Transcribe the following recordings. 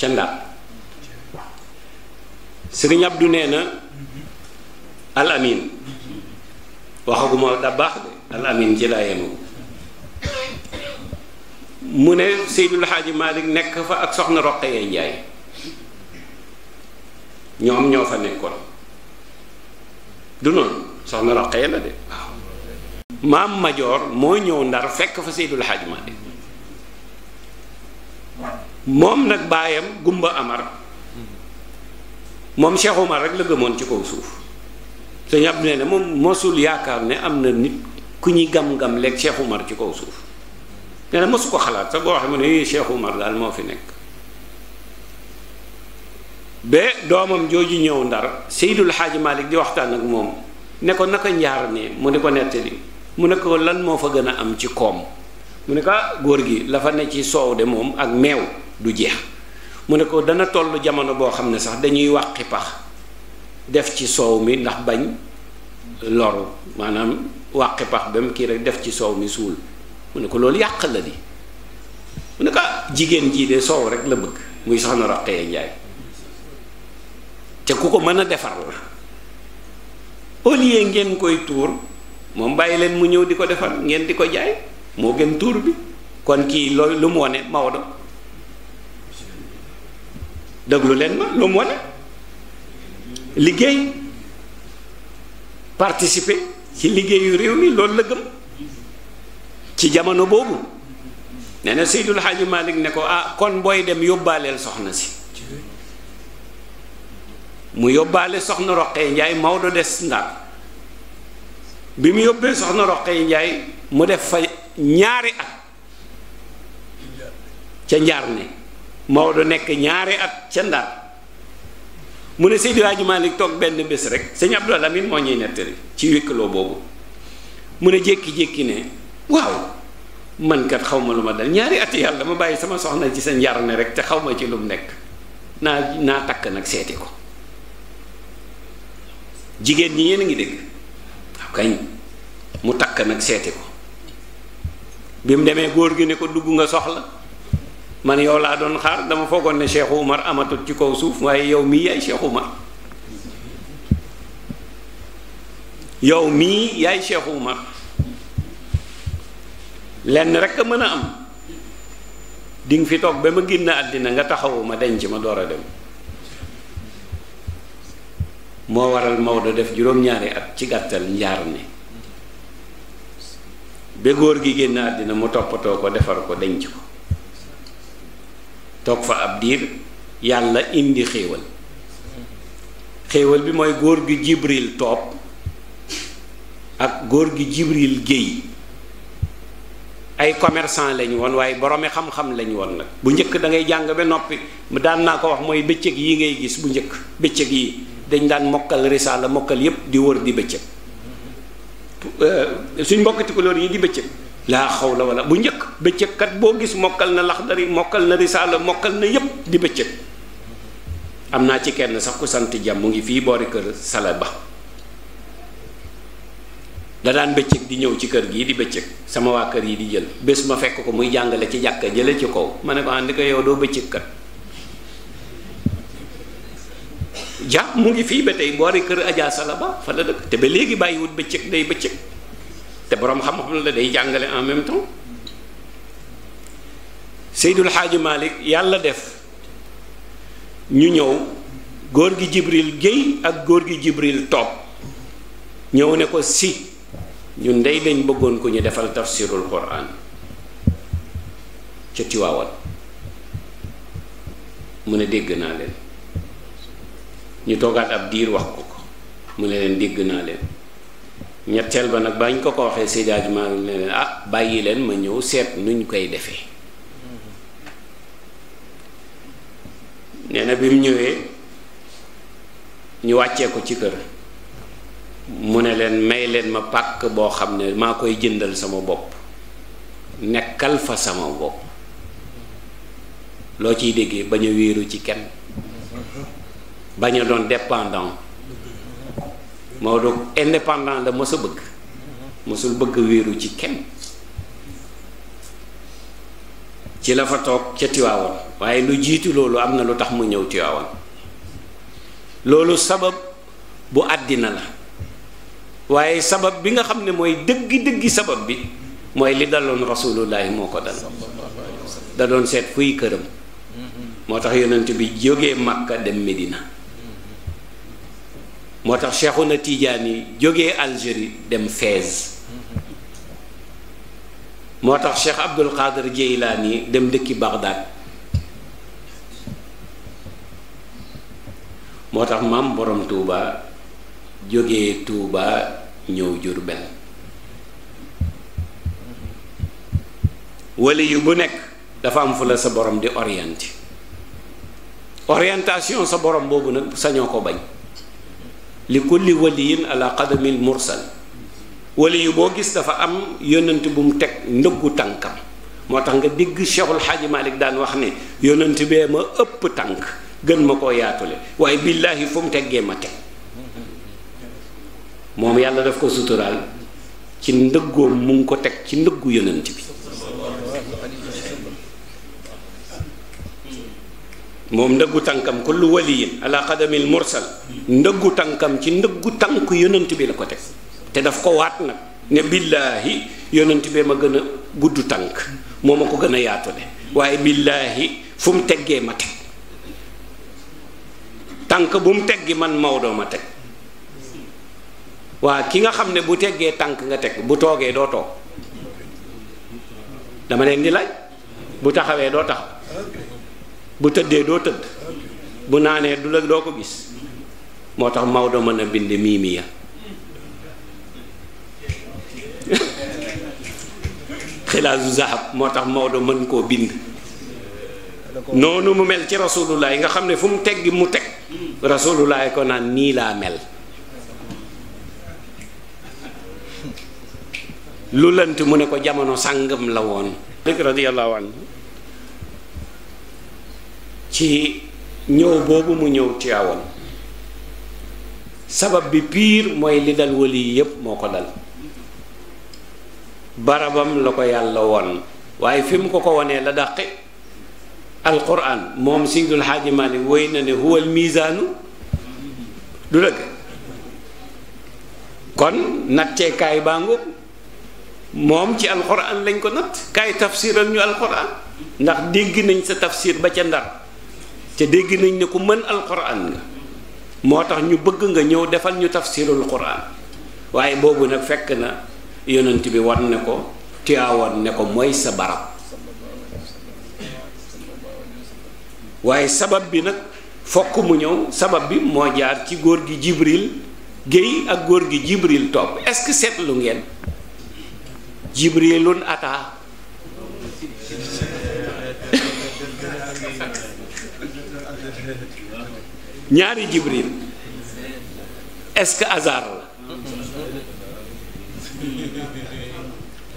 ca Ndar sëriñ Abdu nee na al waxaguma da de al ci laa yemagu mu ne Seydul Xaaji Malik nekk fa ak soxna Roqaya Njaay ñoom ñoo fa nekkoon du noonu soxna Roqaya la de waaw maam Majoor moo ñëw Ndar fekk fa Seydul Xaaji moom nag baayam Gumba Amar moom Cheikh Omar rek la gëmoon ci kaw suuf sëñ Abdu ne ne moom mosul yaakaar ne am na nit ku ñuy gam-gam lekk Cheikh Omar ci kaw suuf nee na mosu ko xalaat sax boo xam ne yii eh, Cheikh Omar daal moo fi nekk ba doomam jooju ñëw ndar Seydul Xaaji Malik di waxtaan ak moom ne ko naka njaar ne mu di ko nettali mu ne ko lan moo fa gën a am ci koom mu ne ko ah, góor gi la fa ne ci soow de moom ak meew du jeex mu ne ko dana toll jamono boo xam ne sax dañuy wàqi pax def ci soow mi ndax bañ loru maanaam wàqi pax ba mu kii rek def ci soow mi suul mu ne ko loolu yàq la di mu ne ko ah, jigéen jii de soow rek la bëgg muy soxna Roqaya Njaay te ku ko mën a defar la au lieu ngeen koy tuur moom bàyyi leen mu ñëw di ko defar ngeen di ko jaay moo gën tuur bi kon kii loolu lu mu wone Maodo déglu leen ma lu mu wane liggéey participer ci liggéeyu réew mi loolu la gëm ci jamono boobu nee na Seydul Xaaji ne ko ah kon booy dem yóbbaaleel soxna si mu yóbbaale soxna Roqee Njaay Maodo des Ndar bi mu yóbbee soxna Roqee Njaay mu def fa ñaari at ca njaar ne Maodo nekk ñaari at ca Ndar mu ne Seydi Hadji Malick toog benn bés rek sëñ Abdou Lamine moo ñuy nettali ci wékkaloo boobu mu ne jékki-jékki ne waaw man kat xaw ma lu ma dal ñaari at yàlla ma bàyyi sama soxna ci sa njar ne rek te xaw ci lu mu nekk naa naa takk nag seeti ko jigéen ñi yéen a ngi dégg waaw kañ mu takk nag seeti ko bi mu demee góor gi ne ko dugg nga soxla. man yow laa doon xaar dama foogoon ne Cheikh Oumar amatut ci kaw suuf waaye yow mii yaay Cheikh Oumar yow mii yaay Cheikh Oumar lenn rek a mën a am di fi toog ba ma génn àddina nga taxawu ma denc ma door a dem moo waral Maodo def juróom-ñaari at ci gàttal njaar ne ba góor gi génn àddina mu toppatoo ko defar ko denc ko toog fa ab diir yàlla indi xéewal xéewal bi mooy góor gi jibril toog ak góor gi jibril géey ay commerçant lañ woon waaye boroomi xam-xam lañu woon nag bu njëkk da ngay jàng ba noppi mu daan naa ko wax mooy bëccëg yi ngay gis bu njëkk bëccëg yi dañ daan mokkal risaala mokkal yépp di wër di bëccëg euh, suñ mbokk tukulóor yi di bëccëg laa xaw xawla wala bu njëkk bëccëg boo gis mokkal na laxdari mokkal na risaala mokkal na yépp di bëccëg am naa ci kenn sax ku sant jàmm mu ngi fii boori kër sala ba da daan di ñëw ci kër gii di bëccëg sama waa kër yi di jël bés ma fekk ko muy jàngale ci jàkka jële ci kaw ma ne ko àndi ah, ja mu ngi fii ba tey boori kër ajaa Sala ba fa la dëkk te ba léegi bàyyiwut bëccëg day bëccëg te boroom xam-xam la day jàngale en même temps Seydul Xaaji Malik yàlla def ñu ñëw góor gi Jibril Guèye ak góor gi Jibril Top ñëw ne ko si ñun ndey dañ bëggoon ko ñu defal tafsirul Quran ca Tiwaawan mu ne dégg naa leen ñu toogaat ab diir wax ko ko mu ne leen dégg naa leen ñetteel ba nag bañ ko ko waxee Seydi Hadji Malick ne leen ah bàyyi leen ma ñëw seet nuñ koy defee nee na bi mu ñëwee ñu wàccee ko ci kër mu ne leen may leen ma pàkk boo xam ne maa koy jëndal sama bopp nekkal fa sama bopp loo ciy déggee bañ a wéeru ci kenn bañ a doon dépendant Maodo indépendant la mos bëgg mosul bëgg wiiru ci kenn ci la fa toog ca Tiwaawan waaye lu jiitu loolu am na lu tax mu ñëw Tiwaawan loolu sabab bu àddina la waaye sabab bi nga xam ne mooy dëggi-dëggi sabab bi mooy li daloon rasulullahi moo ko dal da doon seet kuy këram mm-hmm. moo tax yonent bi jóge Makka dem Medina moo tax na tiijaan yi jóge Algérie dem Fès moo tax Cheikh Abdul Qadir Jeylaani dem dëkki Bagdad moo tax maam borom Touba jóge Touba ñëw Jurbel benn yu bu nekk dafa am fu sa borom di orienté orientation sa borom boobu nag sañoo ko bañ. li kulli waliyin ala qadamil mursal wali yu boo gis dafa am yonent bu mu teg ndëggu tànkam moo tax nga dégg Cheikhul Xaaji Malik daan wax ne yonent bee ma ëpp tànk gën ma ko yaatule waaye billaahi fu mu teggee ma teg moom yàlla daf ko suturaal ci ndëggoom mu ngi ko teg ci ndëggu yonent bi moom ndëggu tànkam kullu waliyin ala qadamil mursal ndëggu tànkam ci ndëggu tànk yonent bi la ko teg te daf ko waat nag ne billaahi yonent bee ma gën a gudd tànk moo ma ko gën a yaatu yaatule waaye billaahi fu mu teggee ma teg tànk bu mu teggi man Maodo ma teg waa ki nga xam ne bu teggee tànk nga teg bu toogee doo toog dama leen di laaj bu taxawee doo taxaw bu tëddee doo tëdd bu naanee du la doo ko gis moo tax Maodo mën bind miimiya xilaasu zahab moo tax Maodo mën koo bind noonu mu mel ci rasulullah yi nga xam ne fu mu teggi mu teg rasulullah ko naan nii laa mel lu lënt mu ne ko jamono sàngam la woon rek radiyallahu ci ñëw boobu mu ñëw Tiwaawan sabab bi piir mooy li dal wali yi yépp moo ko dal barabam la ko yàlla woon waaye fi mu ko ko wonee la dàqi alquran moom Seydul Xaaji Maalik woy na ne huwal miisaanu kon natteekaay baa ngoog moom ci alquran lañ ko natt kaay tafsiral ñu alquran ndax dégg nañ sa tafsir ba ca ndar te dégg nañ ne ku mën alquran nga moo tax ñu bëgg nga ñëw defal ñu tafsirul quran waaye boobu nag fekk na yonent bi wan ne ko tiyaawan ne ko mooy sa barab waaye sabab bi nag fokk mu ñëw sabab bi moo jaar ci góor gi Jibril Géy ak góor gi Jibril topp est-ce que seetlu ngeen Jibrilun ataa ñaari jibril est-ce la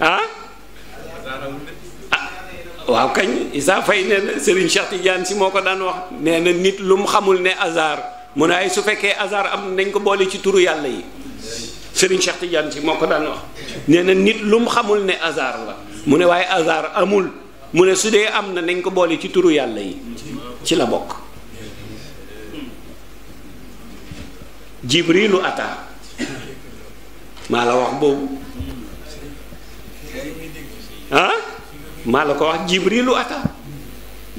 ah? ah waaw kañ Issa Faye nee na Serigne Cheikh si moo ko daan wax nee na nit lu mu xamul ne hasard mu ne ay su fekkee hasard am nañ ko boole ci turu yàlla yi Serigne Cheikh si moo ko daan wax nee na nit lu mu xamul ne hasard la mu ne waaye hasard amul mu ne su dee am na nañ ko boole ci turu yàlla yi ci la bokk jibrilu ata maa la wax boobu ah maa la ko wax jibrilu ata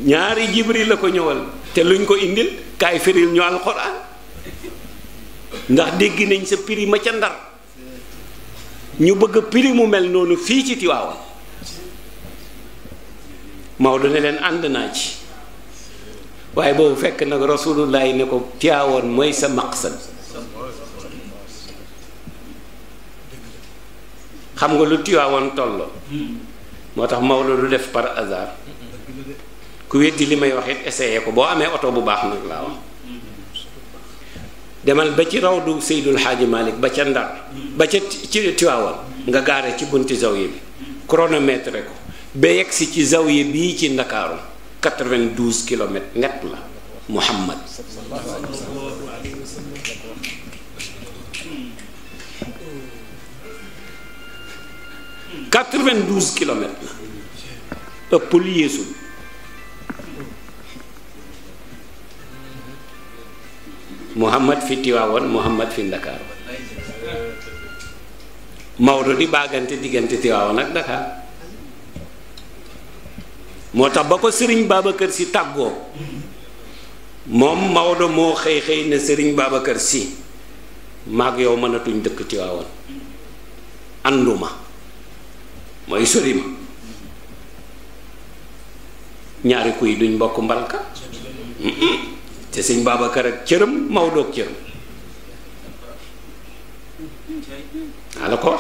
ñaari jibril la ko ñëwal te luñ ko indil kaay firil ñu alxuraan ndax dégg nañ sa prix ma ca ndar ñu bëgg prix mu mel noonu fii ci Tiwaawan Maodo ne leen ànd naa ci waaye boobu fekk nag rasulullahi ne ko Tiwaawan mooy sa maqsad xam nga lu Tiwaawoon tolloo hmm. moo tax Maodo lu def par hasard ku weddi li may wax it ko boo amee oto bu baax nag laa wax demal ba ci rawdu Seydul Xaaji Malik ba ca Ndar hmm. ba ca ci Tiwaawoon nga gaare ci bunti zawiya bi chronomètre ko ba yegg si ci zawiya bii ci Ndakaaru 92 kilomètres net la Muhammad 92 kilomètres la ëppul yéesul Muhammad fi Tiwaawoon Muhammad fi Ndakaar Maodo di baagante diggante Tiwaawoon ak Ndakaar moo tax ba ko sëriñ Serigne kër si tàggoo moom Maodo moo xëy xëy ne Serigne Babacar si maag yow mënatuñ dëkk Tiwaawoon ànduma mooy sori ma ñaari kuy duñ bokk mbalka te sëñ Babacar ak cëram Maodo ak cëram naa la ko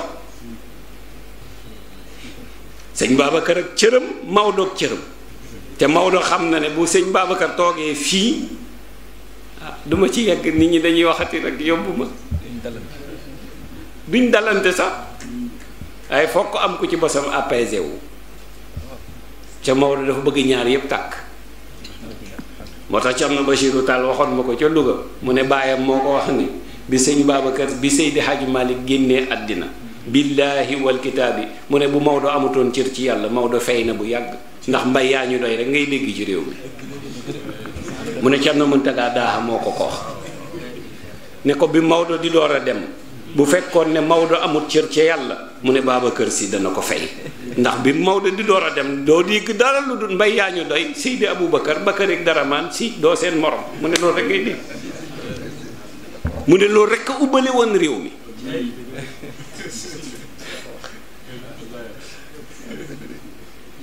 sëñ Babacar ak Maodo ak te Maodo xam na ne bu sëñ Babacar toogee fii ah du ci yegg nit ñi dañuy waxati rek yóbbu ma duñ dalante sax ay fokk am ko ci bosam apaisé wu ca Maodo dafa bëgg ñaar yépp tàkk moo tax Cerno Bachiru Tall waxoon ma ko ca Louga mu ne baayam moo ko wax ni bi sëñ Babacar bi Seydi Hadji Malick génnee àddina billaahi wal kitaabi mu ne bu Maodo amatoon cër ci yàlla Maodo fay na bu yàgg ndax mbay yaa ñu doy rek ngay dégg ci réew mi mu ne Cerno Muntaga Daaxa moo ko ko ne ko bi Maodo di door dem bu fekkoon ne Maodo amut cër ci yàlla mu ne Babacar Sy dana ko fay ndax bi Maodo di door a dem doo dégg dara lu dul mbay yaa ñu doy Seydi Aboubacar Bakar dara Daraman si doo seen morom mu ne loolu rek ngay mu ne loolu rek a ubbale réew mi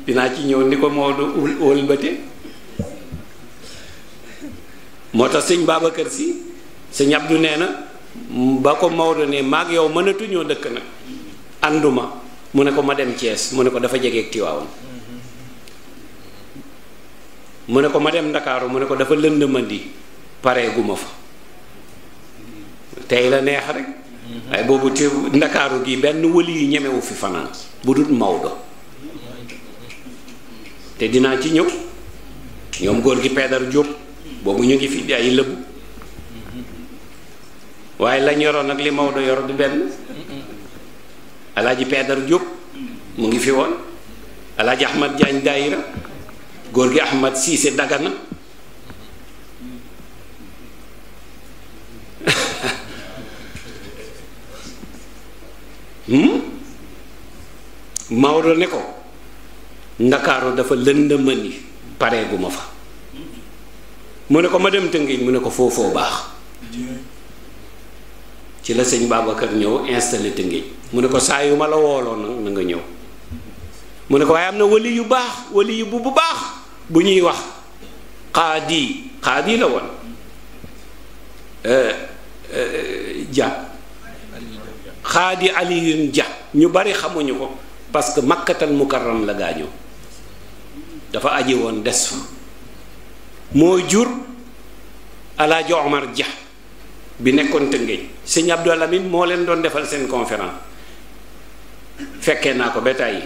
dinaa ci ñëw ni ko Maodo wëlbate moo tax sëñ Babacar Sy sëñ Abdou nee na ba ko Maodo ne maag yow mënatuñoo dëkk nag ànduma mu ne ko ma dem cees mu ne ko dafa jegeeg Tiwaawan mu ne ko ma dem Ndakaaru mu ne ko dafa lënd mandi pareeguma fa tey la neex rek waaye boobu te Ndakaaru gi benn wëli yu ñemewu fi fanaan bu dul Maodo te dinaa ci ñëw ñoom góor gi pedar Jóob boobu ñu ngi fi ay lëbu waaye lañ yoroon ak li Maodo yor du benn alaaji Peedar Diop mu ngi fi woon alaaji Ahmad jaañ Daïra góor gi Ahmad Cissé Dagana hmm? Maodo ne ko ndakaaru dafa lëndëmën yi pareeguma fa mu ne ko ma dem tëngiñ mu ne ko foofoo baax ci la sëñ Babacar ñëw installé Tëngéej mu ne ko saa yu ma la wooloo nag na nga ñëw mu ne ko waaye am na wali yu baax wali yu bu bu baax bu ñuy wax xaadi xaadi la woon ja euh, euh, xaadi aliyun ja ñu bari xamuñu ko parce que makkatal mukarram la gaañoo dafa aji woon des fa moo jur alaaji Omar ja bi nekkoon Tëngéej sëñ Abdou Lamine moo leen doon defal seen conférence fekke naa ko ba tàyyi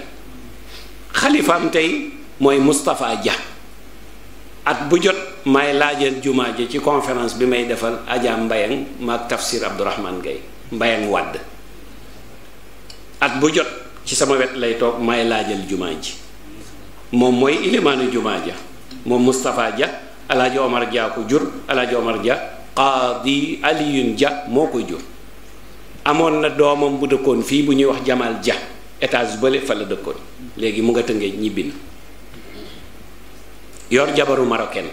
xalifaam tey mooy Moustapha Dia at bu jot maay laajal jumaa ji ci conférence bi may defal Adja Mbayang maag Tafsir Abdourahman Gaye Mbayang Wàdd at bu jot ci sama wet lay toog may laajal jumaa ji moom mooy ilimaanu jumaa ja moom Moustapha Dia alaaji Omar Dia ko jur alaaji Omar Dia qaadi aliyun ja moo koy jur amoon na doomam bu dëkkoon fii bu ñuy wax jamal ja étage bële fa la dëkkoon léegi mu nga tëngee ñibbi na yor jabaru marocain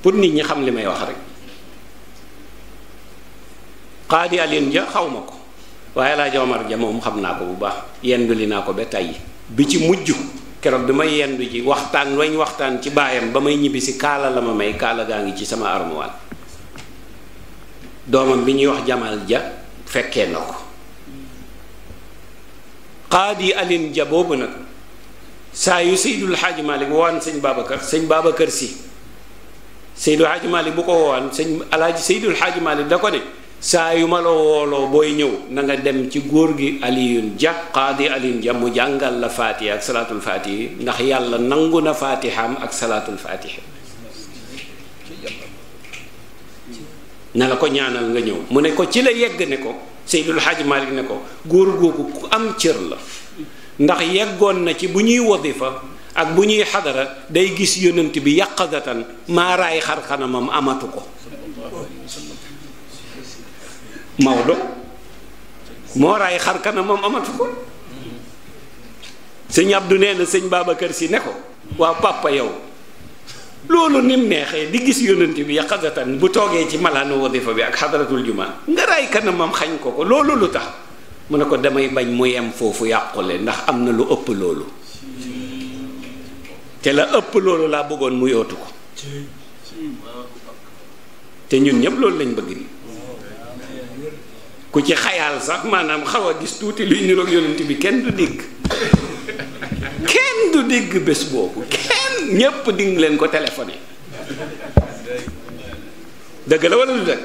pour nit ñi xam li may wax rek qaadi aliyun ja xaw ma ko waaye laa jomar ja moom xam naa ko bu baax yendu li naa ko ba tàyyi bi ci mujj keroog bi may yendu ji waxtaan wañ waxtaan ci baayam ba may ñibbi si kaala la ma may kaala gaa ngi ci sama armoire doomam bi ñuy wax jamal ja fekkee na ko qaadi alin ja boobu nag saa yu seydul xaaji malik sëñ babacar sëñ babacar si seydul xaaji bu ko woowaan sëñ alaaji seydul xaaji malik da ko ne saa yu ma la wooloo booy ñëw na dem ci góor gi aliyun ja qaadi alin ja mu jàngal la faatiha ak salaatul faatihi ndax yàlla nangu na faati faatiham ak salaatul faatihi na la ko ñaanal nga ñëw mu ne ko ci la yegg ne ko Seydul Xaaj Malik ne ko góor googu ku am cër la ndax yeggoon na ci bu ñuy wadifa ak bu ñuy xadara day gis yonent bi yàqadatan maaraay xar kanamam amatu ko Maodo moo raay xar kanamam amatu ko sëñ du nee na sëñ kër si ne ko waaw papa yow loolu nim neexee di gis yonanti bi xasatan bu toogee ci malaanu wadifa bi ak xadaratul juma nga raay kanamam xañ ko ko loolu lu tax mu ne ko damay bañ mu yem foofu yàqule ndax am na lu ëpp loolu te la ëpp loolu laa bëggoon mu yootu ko te ñun ñëpp loolu lañ bëgg ni ku ci xayaal sax maanaam xaw a gis tuuti luy niroog yonent bi kenn du dégg kenn du dégg bés boobu ñépp ding leen ko téléphoné dëgg la wala lu dëgg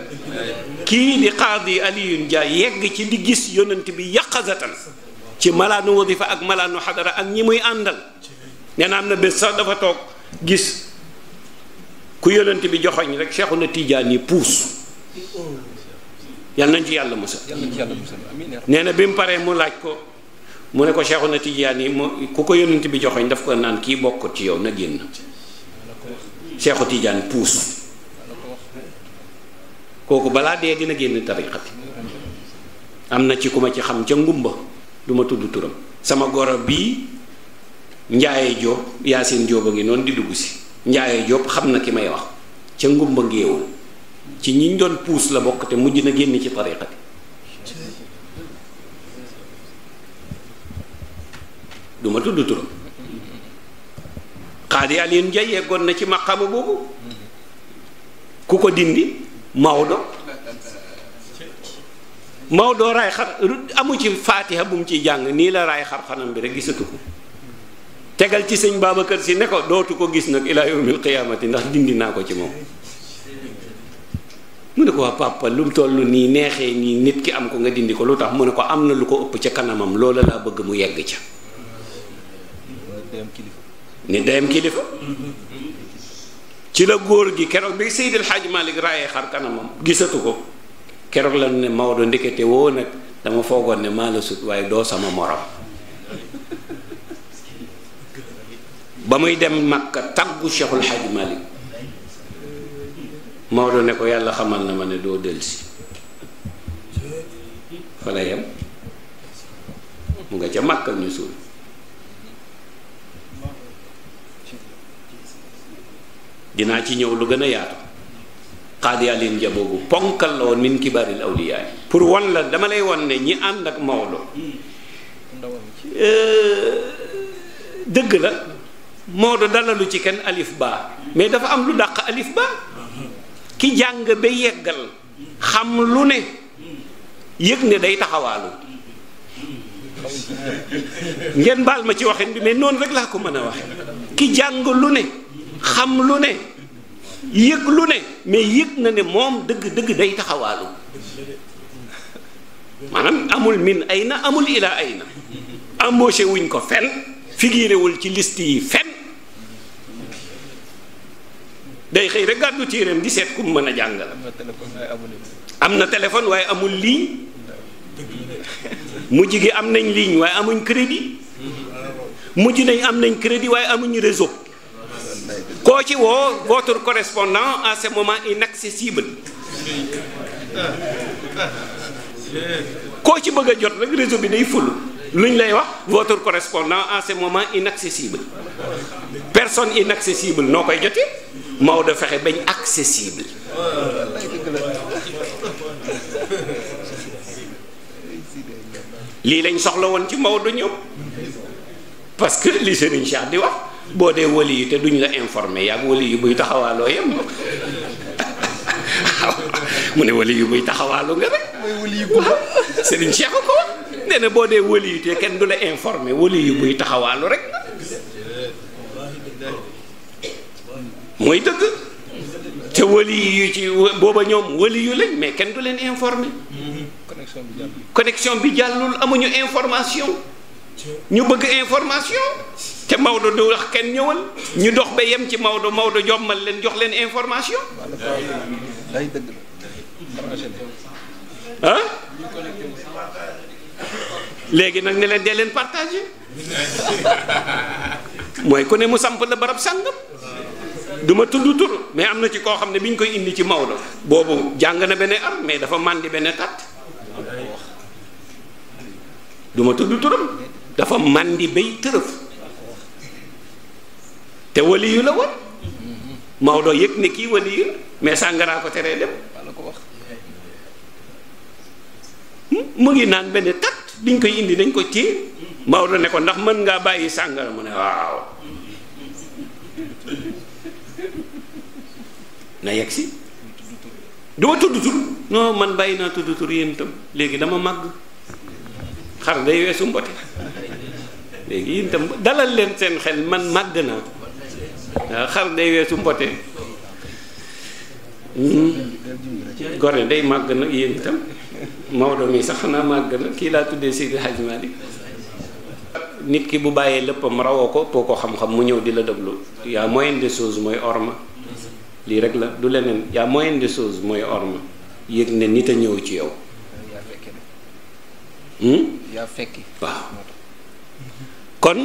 kii di xaadi Alioune Dia yegg ci di gis yonant bi yaqazatan ci malaanu wadifa ak malaanu xadara ak ñi muy àndal nee na am na bés sax dafa toog gis ku yonent bi joxoñ rek Seexuna Tijaan yi puus yal nañ ci yàlla musal nee na bi mu paree mu laaj ko mu ne ko Seexuna Tijaan yi mu ku ko yonent bi joxoñ daf ko naan kii bokkut ci yow na génn Seexu Tijaan puus kooku balaa dee dina génn tariqa am na ci ku ma ci xam ca ngumba du ma tudd turam sama goro bii njaaye jóob yaasin jóob a ngi noonu di dugg si njaaye jóob xam na ki may wax ca ngumba ngéewul ci ñiñ doon puus la bokk te mujj na génn ci tariqa du ma tudd turam xaadi Alioune Ndiaye yeggoon na ci maqaama boobu ku ko dindi Maodo Maodo raay xar amu ci faatiha bu mu ciy jàng nii la raay xar xanam bi rek gisatu ko tegal ci sëñ Babacar si ne ko dootu ko gis nag ilaa yawmil qiyaamati ndax dindi naa ko ci moom mu ne ko waa papa lu mu toll nii neexee nii nit ki am ko nga dindi ko lu tax mu ne ko am na lu ko ëpp ca kanamam loola laa bëgg mu yegg ca nit dayam kilifa ci la góor gi keroog bi Seydil Hadj Malick raayee xar kanamam gisatu ko keroog la ne Maodo ndekete woo nag dama foogoon ne maa la sut waaye doo sama morom ba muy dem Makka taggu xaj Hadj Malick Maodo ne ko yàlla xamal na ma ne doo delsi fa la mu nga ca Makka ñu suul dinaa ci ñëw lu gën a yaatu xaadi ja boobu ponkal la woon min kibaaril awliyaa yi pour wan la dama lay wan ne ñi ànd ak Maodo hmm. euh, dëgg la Maodo dalalu ci kenn alif baa mais dafa am lu dàq alif baa ki jàng ba yeggal xam lu ne yëg ne day taxawaalu ngeen baal ma ci waxin bi mais noonu rek laa ko mën a waxe ki jàng lu ne xam lu ne yëg lu ne mais yëg na ne moom dëgg dëgg day taxawaalu maanaam amul min ay na amul ilaa ay na embauché wuñ ko fen figuré wul ci liste yi fen day xëy rek gàddu téereem di seet ku mu mën a jàngal am na téléphone waaye amul ligne mujj gi am nañ liiñ waaye amuñ crédit mujj nañ am nañ crédit waaye amuñ réseau koo ci woo votre correspondant à ce moment inaccessible koo ci bëgg a jot rek réseau bi day ful lu ñu lay wax votre correspondant à ce moment inaccessible personne inaccessible noo koy jotee Maodo fexe bañ accessible lii lañ soxla woon ci Maodo ñëw parce que li uñ Cheikh di wax. boo dee wali yi te duñ la informé yaag wali buy taxawaaloo yem mu ne wali yu buy taxawaaloo nga rek waaw Serigne boo dee te kenn du la informé wali yu buy taxawaalu rek mooy dëgg te wali ci booba ñoom wali yu lañ mais kenn du leen informé connexion bi jàllul amuñu information ñu bëgg information te Maodo du wax kenn ñëwal ñu dox ba yem ci Maodo Maodo jommal leen jox leen information. ah léegi nag ne leen dee leen partagé mooy ku ne mu samp la barab sàngam duma ma tudd tur mais am na ci koo xam ne bi ñu koy indi ci Maodo boobu jàng na beneen ar mais dafa màndi benn tat duma ma tudd turam dafa màndi bay tërëf. te wali yu la woon Maodo yëg ne kii wali yu mais sàngaraa ko teree dem mu ngi naan benn tat diñ koy indi dañ ko téye Maodo ne ko ndax mën ngaa bàyyi sàngara mu ne waaw na yegg si duma tudd tur man bàyyi naa tudd tur yéen léegi dama màgg xar day weesu mbote léegi yéen itam dalal leen seen xel man màgg naa waaw ah, xar day weesu mbote hmm. gone day màgg nag yéen itam Maodo mi sax xanaa màgg nag kii laa tuddee Seydi Hadj Malick nit ki bu bàyyee léppam rawoo ko poo ko xam-xam mu ñëw di la déglu yaa moyen des soose mooy orma lii rek la du leneen yaa moyen des choses mooy orma yëg ne nit a ñëw ci yow hmm? yaa kon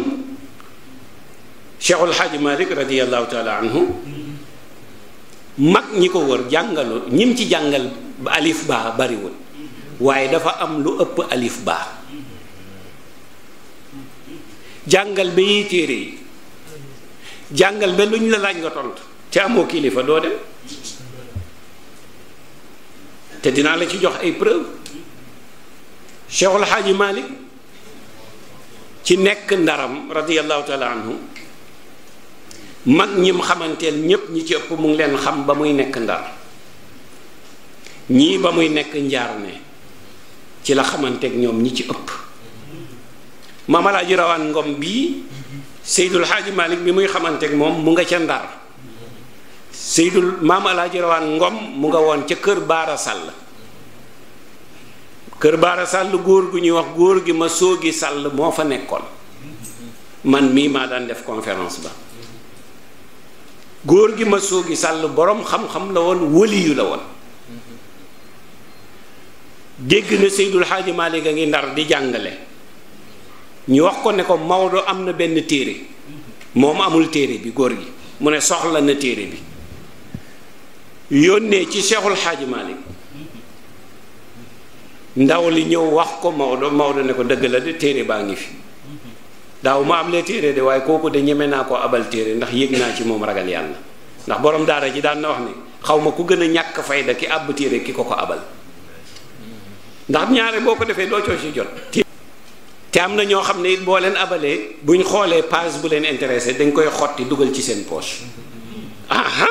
Cheikhul Xaaji Malik radiyallahu taala anhu mag ñi ko wër jàngalu ñim ci jàngal alif baa bariwul waaye dafa am lu ëpp alif baa jàngal ba yi téere yi jàngal ba luñ la laaj nga tontu ci amoo kilifa doo dem te dinaa la ci jox ay preuve Cheikhul Xaaji Malik ci nekk ndaram radiyallahu taala anhu mag ñim xamanteel ñépp ñi ci ëpp mu ngi leen xam ba muy nekk ndar ñii ba muy nekk njaar ne ci la xamanteek ñoom ñi ci ëpp maam alaaji rawaan ngom bii seydul xaaju malik bi muy xamanteek moom mu nga ca ndar seydul maam alaaji rawaan ngom mu nga woon ca kër baara sàll kër baara sàll góor gu ñuy wax góor gi ma soogi sàll moo fa nekkoon man mii maa daan def conférence ba góor gi ma soogi sàll boroom xam-xam la woon wëliyu la woon dégg na Seydul Xaaji Maalik a ngi ndar di jàngale ñu wax ko ne ko Maodo am na benn téere moom amul téere bi góor gi mu ne soxla na téere bi yónnee ci Seexul Xaaji Maalik ndaw li ñëw wax ko Maodo Maodo ne ko dëgg la de téere baa ngi fi daaw ma am lee téere de waaye kooku de ñeme naa ko abal téere ndax yëg naa ci moom ragal yàlla ndax borom daara ji daan na wax ne xaw ma ku gën a ñàkk fayda ki àbb téere ki ko ko abal ndax ñaare boo ko defee doo coo ci jot te am na ñoo xam ne it boo leen abalee buñ xoolee page bu leen intéressé dañ koy xotti dugal ci seen poche aha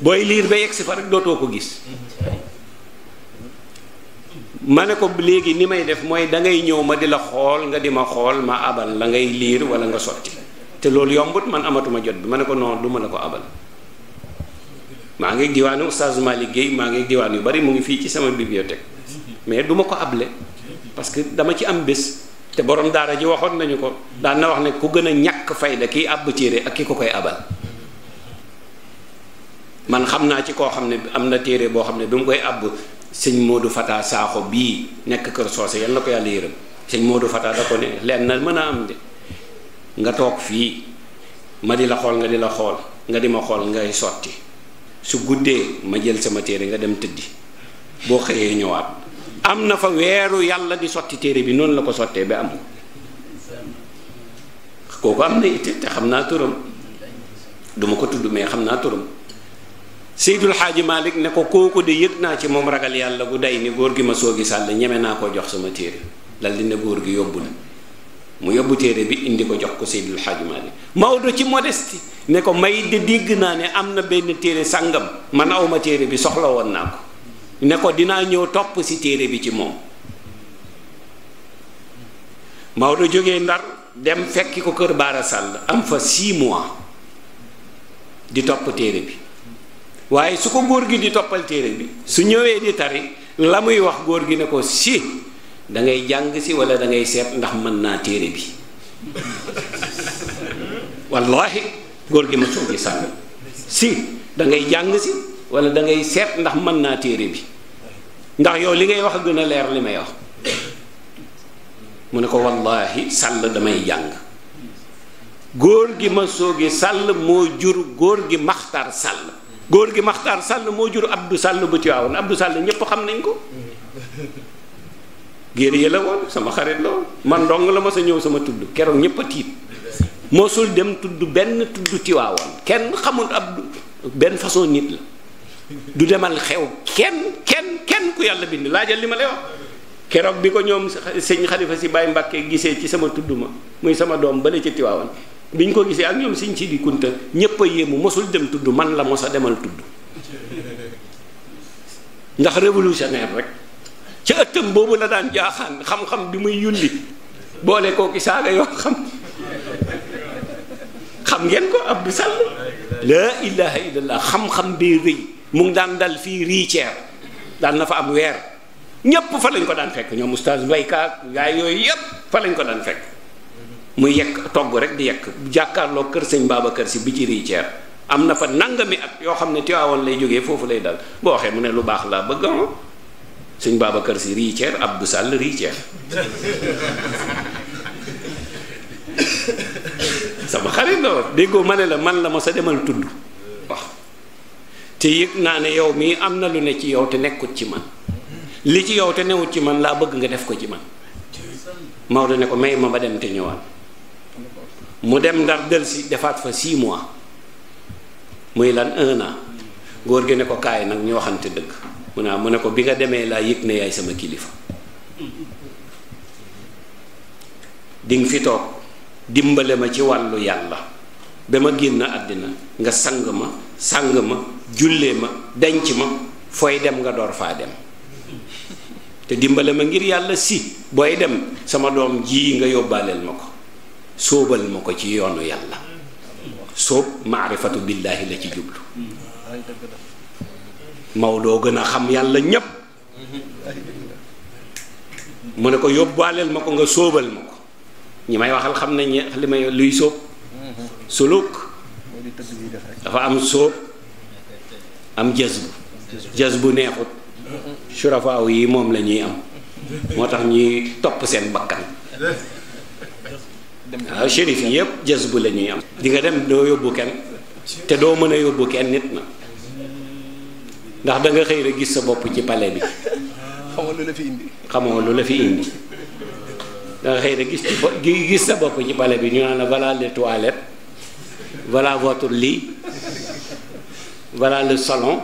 booy liir ba yegg si fa rek dootoo ko gis ma ne ko léegi ni may def mooy dangay ñëw ma di la xool nga di ma xool ma abal la ngay liir wala nga sotti te loolu yombut man amatuma jot bi ma ne ko non lu ma la ko abal maa ngi diwaanu Oustaz Malick Guèye maa ngi diwaan yu bari mu ngi fii ci sama bibliothèque mais du ko able parce que dama ci am bés te borom daara ji waxoon nañu ko daan wax ne ku gën a ñàkk fayda kiy àbb téere ak ki ko koy abal man xam naa ci koo xam ne am na téere boo xam ne bi mu koy àbb sëñ Modou Fata Sakho bii nekk kër soose yal na ko yàlla yërëm sëñ Modou Fata da ko ne leen mën a am de nga toog fii ma di la xool nga di la xool nga di ma xool ngay sotti su guddee ma jël sama téere nga dem tëddi boo xëyee ñëwaat am na fa weeru yàlla di sotti téere bi noonu la ko sottee bi am kooku am na itte te xam naa turam duma ko tudd mais xam naa turam Seydul Xaaji Malik ne ko kooku de yëg naa ci moom ragal yàlla gu day ni góor gi ma soogi sàll ñeme naa koo jox sama téere dal dina góor gi yóbbu na mu yóbbu téere bi indi ko jox ko Seydul Xaaji Malik Maodo ci modestie ne ko may de dégg naa ne am na benn téere sàngam man awma téere bi soxla woon naa ko ne ko dinaa ñëw topp si téere bi ci moom Maodo jógee Ndar dem fekki ko kër Baara Sàll am fa 6 mois di topp téere bi waaye su ko góor gi di toppal téere bi su ñëwee di tari la muy wax góor gi ne ko si dangay jàng si wala dangay seet ndax mën naa téere bi wallahi góor gi si da jàng si wala da seet ndax mën naa téere bi ndax yow li ngay wax a gën a leer li may wax mu ne ko wallahi sàll damay jàng góor gi ma soogi sàll moo jur góor gi maxtar sàll góor gi Maxtaar Sall moo jur ab du Sall bu Tiwaawoon Abdou Sall ñëpp xam nañ ko géer la woon sama xarit la woon man dong la ma sa ñëw sama tudd keroog ñëpp a tiit mosul dem tudd benn tudd Tiwaawoon kenn xamul Abdou benn façon nit la du demal xew kenn kenn kenn ku yàlla bind laajal li ma lay wax keroog bi ko ñoom sëñ xalifa si Baye Mbàkke gisee ci sama tudd ma muy sama doom bale ci Tiwaawoon biñ ko gisee ak ñoom siñ si di kunta ñépp a yéemu mosul dem tudd man la mos a demal tudd ndax révolutionnaire rek ca ëttam boobu la daan jaaxaan xam-xam bi muy yulli boole kooki saaga yoo xam xam ngeen ko Abdou Sall laa ilaha illallah xam-xam bee rëy mu daan dal fii riiceer daan na fa am weer ñépp fa lañ ko daan fekk ñoom oustaz mbaykaak yaay yooyu yépp fa lañ ko daan fekk mu yekk togg rek di yekk jàkkaarloo kër sëñ Babacar si bi ci riceer am na fa nangami at yoo xam ne Tiwaawan lay jógee foofu lay dal boo waxee mu ne lu baax laa bëgg ama sëñ Babacar si riceer Abdou Sall riceer sama xarit la woon déggoo ma la man la ma sa demal tudd wax te naa ne yow mii am na lu ne ci yow te nekkut ci man li ci yow te newut ci man laa bëgg nga def ko ci man Maodo ne ko may ma ba dem te ñëwaat mu dem ndar si defaat fa 6 mois muy lan un an góor gi ne ko kaay nag ñu waxante dëgg mu ne mu ne ko bi nga demee laa yëg ne yaay sama kilifa di nga fi toog dimbale ma ci wàllu yàlla ba ma génn àddina nga sang ma sang ma jullee ma denc ma fooy dem nga door faa dem te dimbale ma ngir yàlla si booy dem sama doom ji nga yóbbaaleel ma ko sóobal ma ko ci yoonu yàlla sóob maarifatu billaahi la ci jublu Maodo gën a xam yàlla ñépp mu ne ko yóbbaaleel ma ko nga sóobal ma ko ñi may waxal xam nañ li may luy sóob suluk dafa am sóob am jazbu jazbu neexut surafaaw yi moom la ñuy am moo tax ñuy topp seen bakkan dem waaw ah, shérif yëpp jës bu la ñuy am. di nga dem doo yóbbu kenn te doo mën a yóbbu kenn nit na ndax da nga xëy rek gis sa bopp ci pale bi. xamoo lu la fi la fi xëy rek gis sa bopp ci palais bi ñu naan la voilà les toilettes voilà votre lit voilà le salon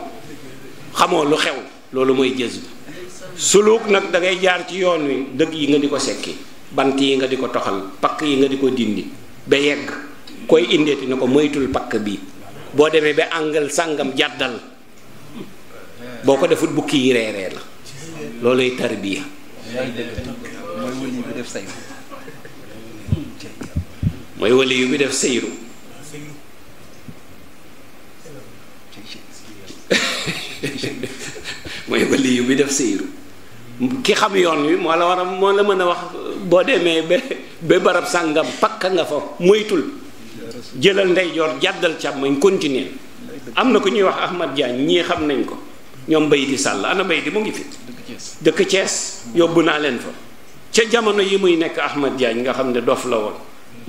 xamoo lu xew loolu mooy jës bi suluk nag dangay ngay jaar ci yoon wi dëgg yi nga di ko sekki. bant yi nga di ko toxal pakk yi nga di ko dindi ba yegg koy indeeti na ko moytul pakk bi boo demee ba àngal sàngam jàddal boo ko defut bukki yi reeree la looluy yu bi def sëyru mooy wali yu bi def sëyru ki xam yoon wi moo la war a moo la mën a wax boo demee ba ba barab sàngam pakka nga fa moytul jëlal ndeyjoor jàddal càmmoñ continuer am na ku ñuy wax Ahmad Diagne ñii xam nañ ko ñoom bay di sàll ana bay di mu ngi fi dëkk Cees yóbbu naa leen fa ca jamono yi muy nekk Ahmad Diagne nga xam ne dof la woon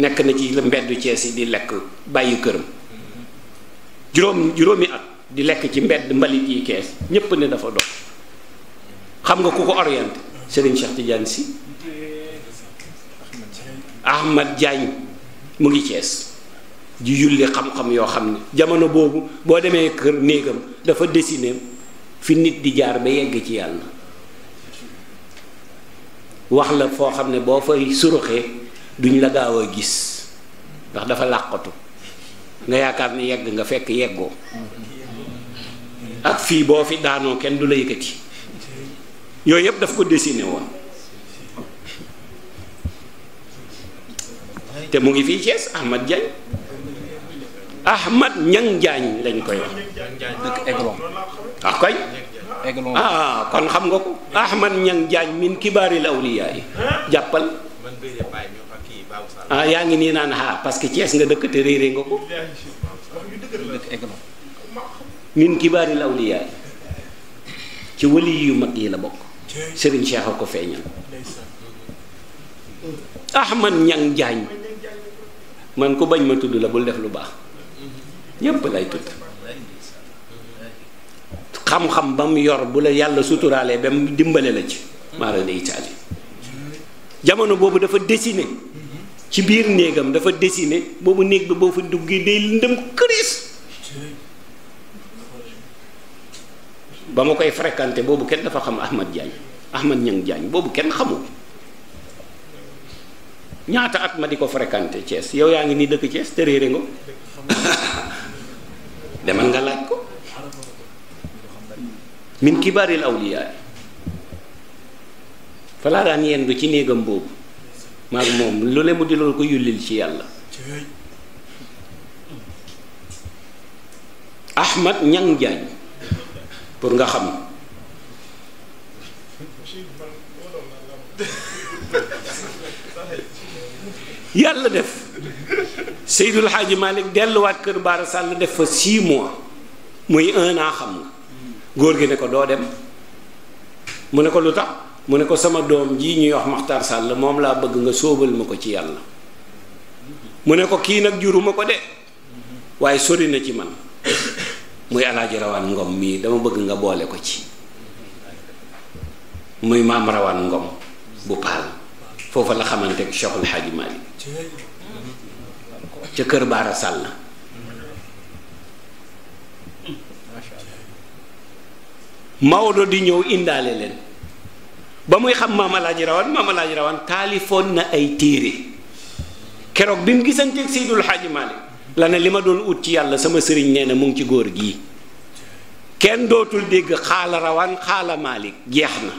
nekk na ci mbeddu Cees yi di lekk bàyyi këram juróom juróomi at di lekk ci mbedd mbalit yi kees ñépp ne dafa dof xam nga ku ko orienté Serigne Cheikh Tidiane Sy Ahmad Diagne mu ngi Cees di yulli xam-xam yoo xam ne jamono boobu boo demee kër néegam dafa dessiné fi nit di jaar ba yegg ci yàlla wax la foo xam ne boo fay suruxee duñ la gaaw a gis ndax dafa làqatu nga yaakaar ni yegg nga fekk yeggoo ak fii boo fi daanoo kenn du la yëkkati yooyu yëpp daf ko dessiné woon te mu ngi fi Thiès Ahmad jaañ Ahmad Ñang Diagne lañ koy wax. dëkk Aiglon. ah kay. ah kon xam nga ko. Ahmad Ñang Diagne min kibaaril awliyaa yi jàppal. ah yaa ngi nii naan ah parce que Thiès nga dëkk te réeré nga ko. min kibaaril awliyaa yi ci wali yu mag yi la bokk. Serigne Cheikh ko feeñal. Ahmad Ñang Diagne. man ku bañ ma tudd la bul def lu baax ñépp lay tudd xam-xam ba mu yor bu la yàlla suturaalee ba mu dimbale la ci maara de itaali jamono boobu dafa dessiné ci biir néegam dafa dessiné boobu néeg bi boo fa duggee day lëndëm këriis ba ma koy fréquenté boobu kenn dafa xam Ahmad Diagne Ahmad Niang Diagne boobu kenn xamul ñaata at ma di ko fréquenté Thiès yow yaa ngi nii dëkk Thiès te réere demal nga laaj ko min kibaaril awliyaa falaa daan du ci néegam boobu maag moom lu ne mu di loolu ko yullil ci yàlla Ahmad Ñang Jaañ pour nga xam yàlla def Seydul Xaaji Malick delluwaat kër Baara sàll def fa 6 mois muy un xam nga góor gi ne ko doo dem mu ne ko lu tax mu ne ko sama doom jii ñuy wax Maxtaar Sall moom laa bëgg nga sóobal ma ko ci yàlla mu ne ko kii nag juruma ko de waaye sori na ci man muy alaaji rawaan ngom mii dama bëgg nga boole ko ci muy maam rawaan ngom bu paal foofa la xamante ak Cheikhul Xaaji Malick ca kër Baara Sàll Maodo di ñëw indaale leen ba muy xam Maam Alaaji Rawaan Maam Alaaji Rawaan taalifoon na ay téere keroog bi mu gisanteeg Seydul Xaaji Maalik la ne li ma doon ut ci yàlla sama sëriñ nee na mu ngi ci góor gi kenn dootul dégg xaala Rawaan xaala Maalik jeex na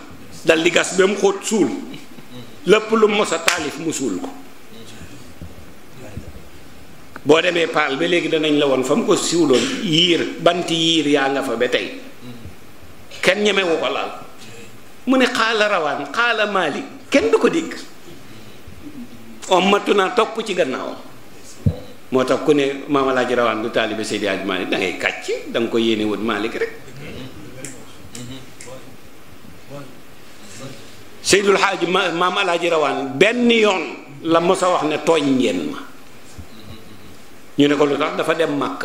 dal di gas ba mu xóot suul lépp lu mos a taalif mu suul ko boo demee paal ba léegi danañ la woon fa mu ko siwloon yiir bant yiir yaa nga fa ba tey kenn ñemewu ko laal mu ne xaala rawaan xaala maali kenn du ko dégg ommatuna topp ci gannaawam moo tax ku ne maam Alaaji rawaan du taalibe Seydi Hadji Malick da ngay kàcc da ko yéene wut Malick rek Seydul Hadji maam Alaaji benn yoon la mos a wax ne tooñ ngeen ma ñu ne ko lu tax dafa dem màkk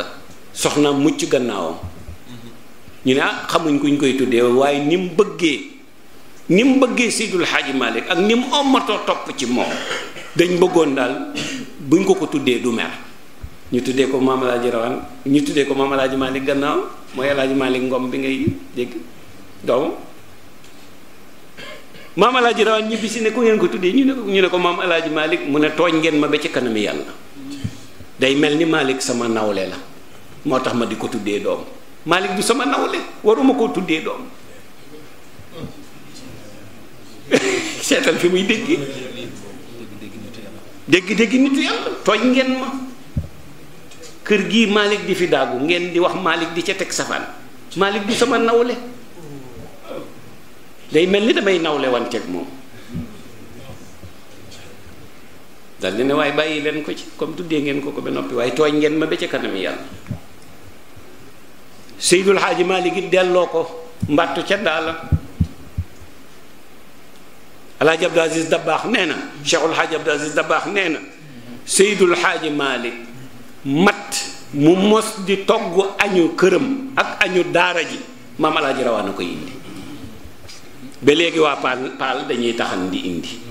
soxna mucc gannaawam ñu ne ah xamuñ kuñ koy tuddee waaye nim bëggee ni mu bëggee Seydul Xaaji Malik ak ni mu ommatoo topp ci moom dañ bëggoon daal buñ ko ko tuddee du mer ñu tuddee ko maam Alaaji Rawaan ñu tuddee ko maam Alaaji Malik gannaawam mooy Alaaji Malik Ngom bi ngay dégg doomam maam Alaaji Rawaan ñibbi si ne ku ngeen ko tuddee ñu ne ñu ne ko maam Alaaji Malik mu ne tooñ ngeen ma ba ci kanami yàlla day mel ni maalik sama nawle la moo tax ma di ko tuddee doom Malick du sama nawle waruma koo tuddee doom seetal fi muy dégg dégg-dégg nitu yàlla tooñ ngeen ma kër gii Malick di fi daagu ngeen di wax maalik di ca teg safaan Malick du sama nawle day mel ni damay nawle wan moom dal di ne waaye bàyyi leen ko ci comme tuddee ngeen ko ko ba noppi waaye tooñ ngeen ma ba ca kanam yàlla seydul xaaji maalik gi delloo ko mbàttu ca daala alaaji abdul aziz dabaax nee na cheikhul xaaji abdul aziz dabaax nee na seydul xaaji maalik mat mu mos di togg añu këram ak añu daara ji maam alaaji rawaan a ko indi ba léegi waa paal paal dañuy taxan di indi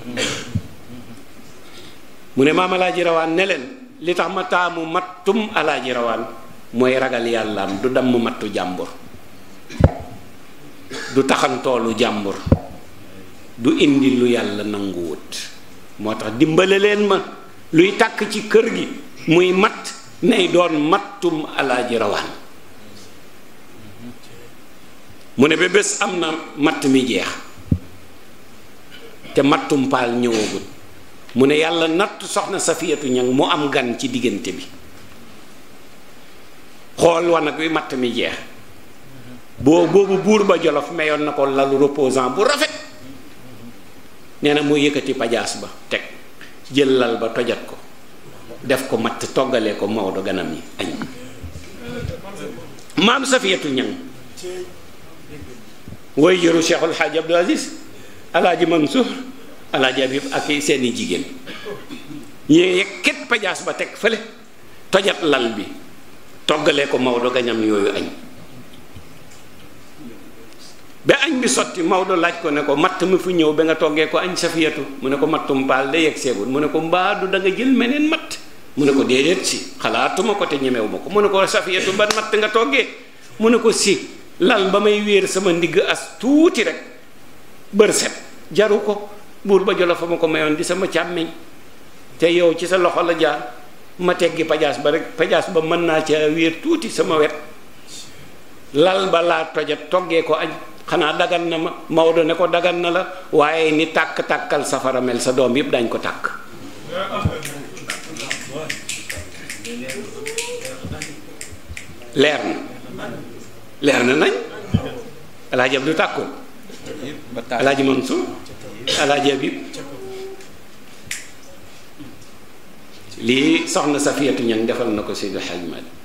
mu ne maam alaaji rawaan ne leen li tax ma taamu mattum alaaji rawaan mooy ragal yàllaam du damm mattu jàmbur du taxantoolu jàmbur du indi lu yàlla nanguwut moo tax dimbale leen ma luy tàkk ci kër gi muy matt nay doon mattum alaaji rawaan mu ne ba bés am na matt mi jeex te mattum paal ñëwagut mu ne yàlla natt soxna safiyatu ñang mu am gan ci diggante bi xool wanag wi matt mi jeex boo boobu buur ba jolof mayoon na ko lalu reposant bu rafet nee na mu yëkkati pajaas ba teg jël lal ba tojat ko def ko matt toggalee ko Maodo ganam yi añ maam safiyatu ñang woy jëru Cheikhul Hadj Abdou Aziz alaaji Mansour alaaji Habib ak seeni jigéen ñu yekket pajaas ba teg fële tojat lal bi toggalee ko Maodo gañam yooyu añ ba añ bi sotti Maodo laaj ko ne ko matt mi fu ñëw ba nga toggee ko añ safiyatu mu ne ko mattum paal day yegg seegul mu ne ko mbaadu danga jël meneen matt mu ne ko déedéet si xalaatuma ko te ñemewuma ko mu ne ko safiyatu ba matt nga toggee mu ne ko si lal ba may wéer sama ndigg as tuuti rek bër jaru ko buur ba jolof fa ko mayoon di sama càmmiñ te yow ci sa loxo la jaar ma teggi pajaas ba rek pajaas ba mën naa ca wéer tuuti sama wet lal ba laa tojat toggee ko añ xanaa dagan na ma Maodo ne ko dagan na la waaye ni tàkk tàkkal safara mel sa doom yëpp dañ ko tàkk leer na leer na nañ alaaj ab du tàkkul alaaj Mansour alaaji Habib lii soxna Safiyatu Ñaŋ defal na ko Seydi Hajji Maalik